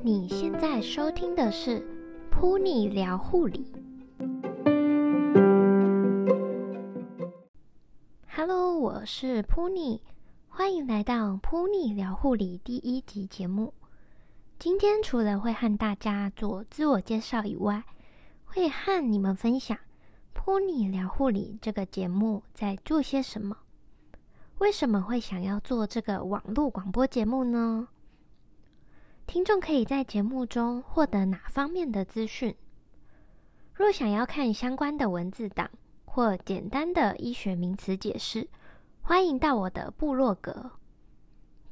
你現在收聽的是《噗妮聊護理》。Hello，我是噗妮，歡迎來到《噗妮聊護理》第一集節目。今天除了會和大家做自我介紹以外，會和你們分享《噗妮聊護理》這個節目在做些什麼。為什麼會想要做這個網絡廣播節目呢？聽眾可以在節目中獲得哪方面的資訊？若想要看相關的文字檔或簡單的醫學名詞解釋，歡迎到我的部落格。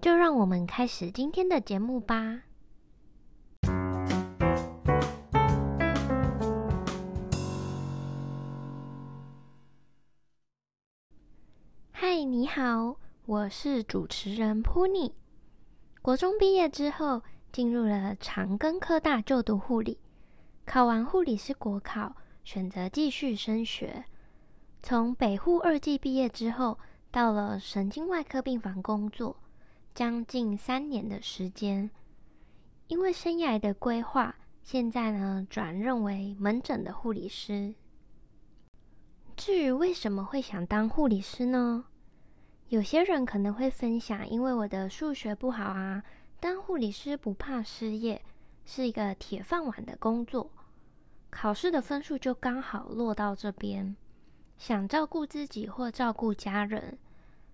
就讓我們開始今天的節目吧。你好，我是主持人 Puni。國中畢業之後，進入了長庚科大就讀護理。考完護理師國考，選擇繼續升學。從北護二技畢業之後，到了神經外科病房工作將近三年的時間。因為生涯的規劃，現在呢轉任為門診的護理師。至於為什麼會想當護理師呢？有些人可能會分享，因為我的數學不好啊，當護理師不怕失業，是一個鐵飯碗的工作。考試的分數就剛好落到這邊，想照顧自己或照顧家人，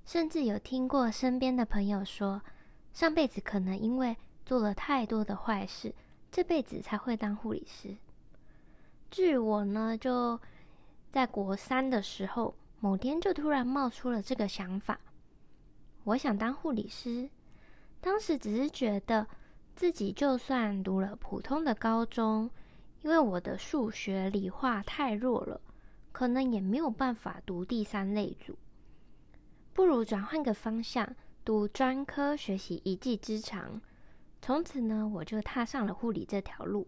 甚至有聽過身邊的朋友說，上輩子可能因為做了太多的壞事，這輩子才會當護理師。至於我呢，就在國三的時候。某天就突然冒出了這個想法，我想當護理師。當時只是覺得自己就算讀了普通的高中，因為我的數學、理化太弱了，可能也沒有辦法讀第三類組，不如轉換個方向，讀專科學習一技之長。從此呢，我就踏上了護理這條路。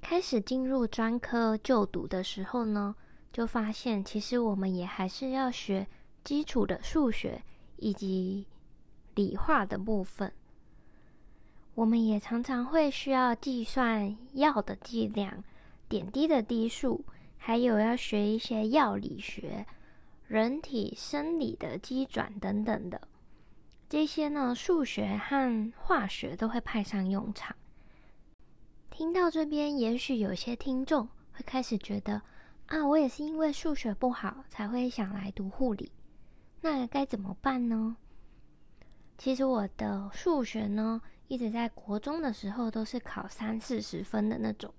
開始進入專科就讀的時候呢。就發現，其實我們也還是要學基礎的數學以及理化的部分。我們也常常會需要計算藥的劑量、點滴的滴數，還有要學一些藥理學、人體生理的機轉等等的。這些呢，數學和化學都會派上用場。聽到這邊，也許有些聽眾會開始覺得。啊，我也是因為數學不好才會想來讀護理，那該怎麼辦呢？其實我的數學呢，一直在國中的時候都是考三四十分的那種，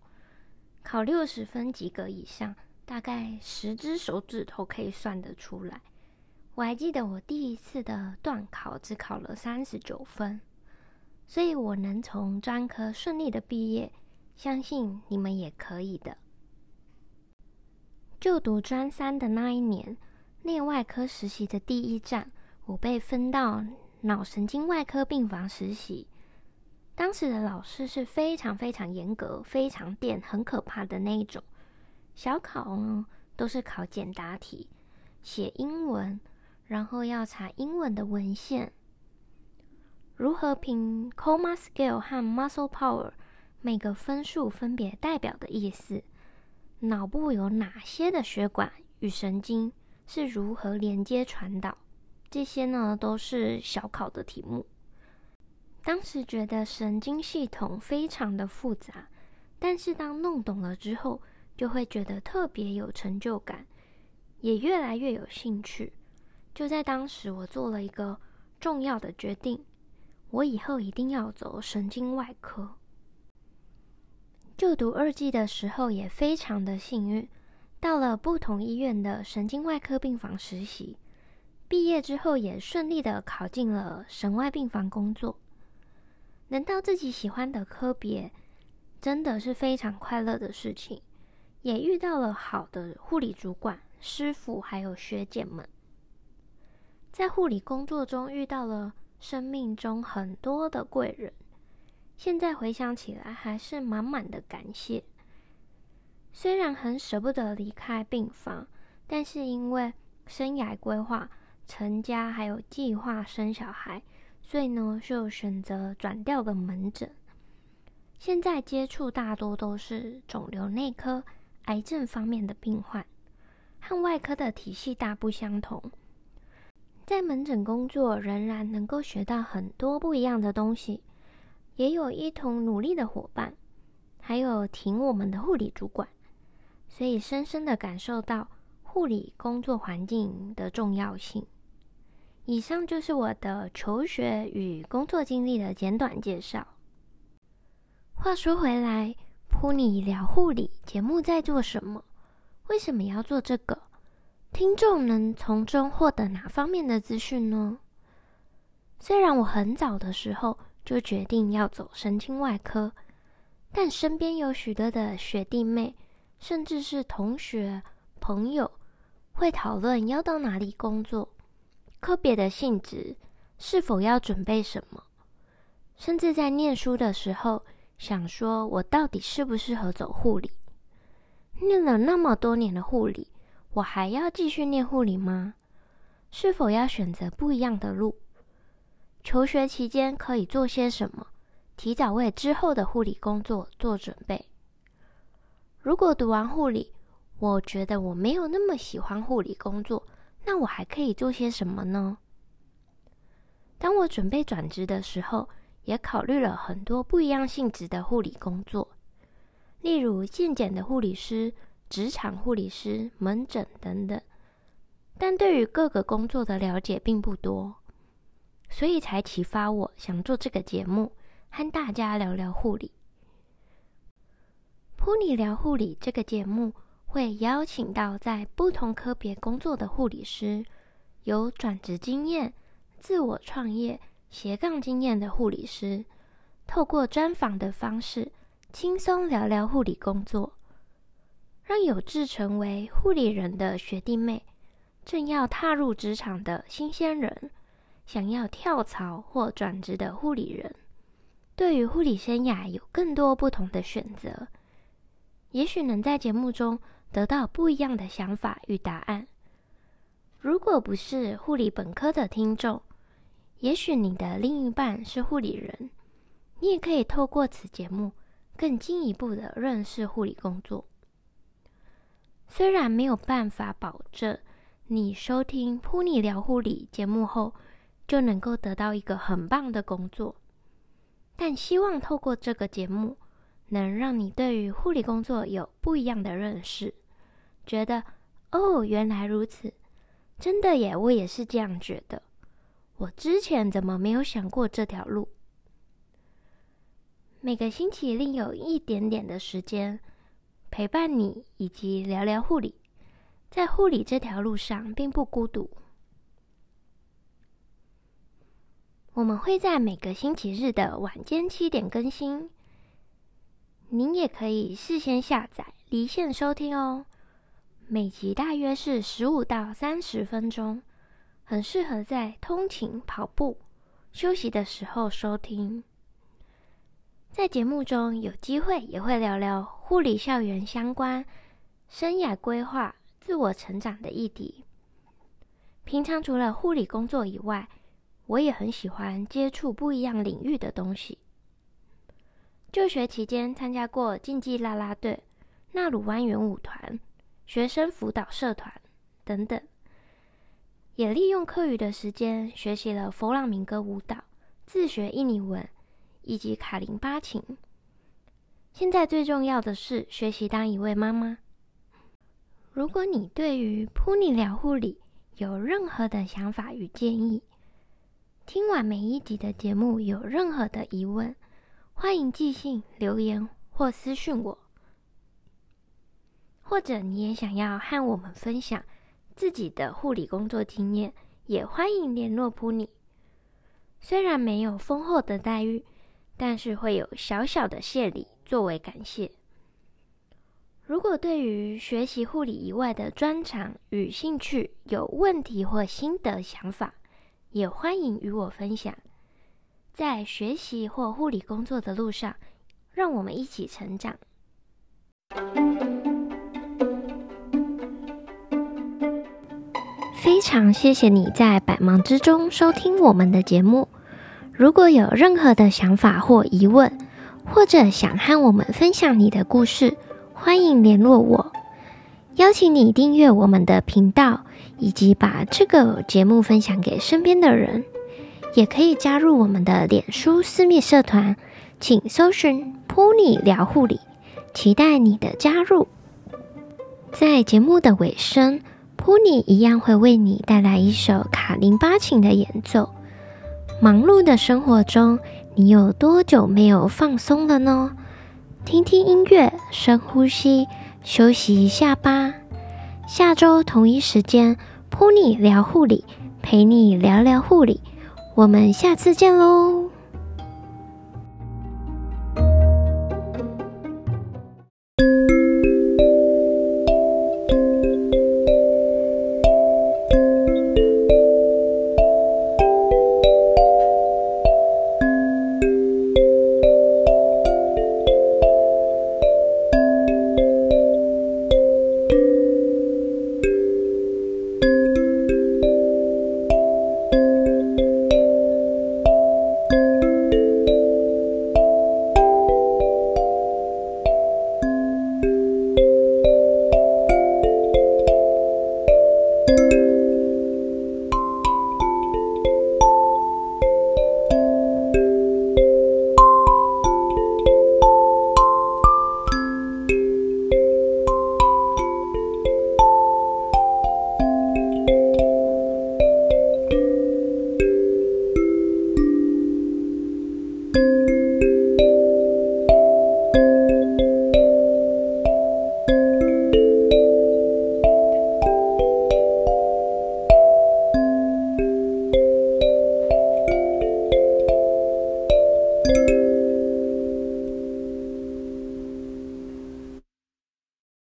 考六十分及格以上，大概十隻手指頭可以算得出來。我還記得我第一次的段考只考了三十九分，所以我能從專科順利的畢業，相信你們也可以的。就讀專三的那一年，內外科實習的第一站，我被分到腦神經外科病房實習。當時的老師是非常非常嚴格、非常電、很可怕的那一種。小考呢，都是考簡答題，寫英文，然後要查英文的文獻。如何評 Coma Scale 和 Muscle Power？每個分數分別代表的意思？腦部有哪些的血管與神經，是如何連接傳導？這些呢，都是小考的題目。當時覺得神經系統非常的複雜，但是當弄懂了之後，就會覺得特別有成就感，也越來越有興趣。就在當時，我做了一個重要的決定，我以後一定要走神經外科。就讀二技的時候也非常的幸運，到了不同醫院的神經外科病房實習，畢業之後也順利的考進了神外病房工作。能到自己喜歡的科別，真的是非常快樂的事情，也遇到了好的護理主管、師傅還有學姐們，在護理工作中遇到了生命中很多的貴人。現在回想起來，還是滿滿的感謝。雖然很捨不得離開病房，但是因為生涯規劃、成家還有計劃生小孩，所以呢就選擇轉調個門診。現在接觸大多都是腫瘤內科、癌症方面的病患，和外科的體系大不相同。在門診工作，仍然能夠學到很多不一樣的東西。也有一同努力的夥伴，還有挺我們的護理主管，所以深深的感受到護理工作環境的重要性。以上就是我的求學與工作經歷的簡短介紹。話說回來，噗妮聊護理節目在做什麼？為什麼要做這個？聽眾能從中獲得哪方面的資訊呢？雖然我很早的時候。就決定要走神經外科，但身邊有許多的學弟妹，甚至是同學、朋友，會討論要到哪裡工作、科別的性質、是否要準備什麼，甚至在念書的時候，想說我到底適不適合走護理？念了那麼多年的護理，我還要繼續念護理嗎？是否要選擇不一樣的路？求學期間可以做些什麼，提早為之後的護理工作做準備。如果讀完護理，我覺得我沒有那麼喜歡護理工作，那我還可以做些什麼呢？當我準備轉職的時候，也考慮了很多不一樣性質的護理工作，例如健檢的護理師、職場護理師、門診等等，但對於各個工作的了解並不多。所以才啟發我想做這個節目，和大家聊聊護理。噗妮聊護理這個節目會邀請到在不同科別工作的護理師，有轉職經驗、自我創業、斜槓經驗的護理師，透過專訪的方式輕鬆聊聊護理工作，讓有志成為護理人的學弟妹，正要踏入職場的新鮮人。想要跳槽或轉職的護理人，對於護理生涯有更多不同的選擇，也許能在節目中得到不一樣的想法與答案。如果不是護理本科的聽眾，也許你的另一半是護理人，你也可以透過此節目更進一步的認識護理工作。雖然沒有辦法保證你收聽《噗妮聊護理》節目後，就能夠得到一個很棒的工作，但希望透過這個節目，能讓你對於護理工作有不一樣的認識，覺得哦，原來如此，真的耶，我也是這樣覺得。我之前怎麼沒有想過這條路？每個星期另有一點點的時間陪伴你，以及聊聊護理，在護理這條路上並不孤獨。我們會在每個星期日的晚間七點更新，您也可以事先下載離線收聽哦。每集大約是十五到三十分鐘，很適合在通勤、跑步、休息的時候收聽。在節目中有機會也會聊聊護理校園相關、生涯規劃、自我成長的議題。平常除了護理工作以外，我也很喜歡接觸不一樣領域的東西。就學期間參加過競技啦啦隊、納魯灣圓舞團、學生輔導社團等等，也利用課餘的時間學習了佛朗明哥舞蹈、自學印尼文以及卡林巴琴。現在最重要的是學習當一位媽媽。如果你對於噗妮聊護理有任何的想法與建議，聽完每一集的節目，有任何的疑問，歡迎寄信、留言或私訊我。或者你也想要和我們分享自己的護理工作經驗，也歡迎聯絡噗妮。雖然沒有豐厚的待遇，但是會有小小的謝禮作為感謝。如果對於學習護理以外的專長與興趣有問題或新的想法，也歡迎與我分享，在學習或護理工作的路上，讓我們一起成長。非常謝謝你在百忙之中收聽我們的節目。如果有任何的想法或疑問，或者想和我們分享你的故事，歡迎聯絡我。邀請你訂閱我們的頻道，以及把這個節目分享給身邊的人，也可以加入我們的臉書私密社團，請搜尋 “Puni 聊護理”，期待你的加入。在節目的尾聲，Puni 一樣會為你帶來一首卡林巴琴的演奏。忙碌的生活中，你有多久沒有放鬆了呢？聽聽音樂，深呼吸。休息一下吧，下週同一時間，噗妮你聊護理，陪你聊聊護理，我們下次見嘍。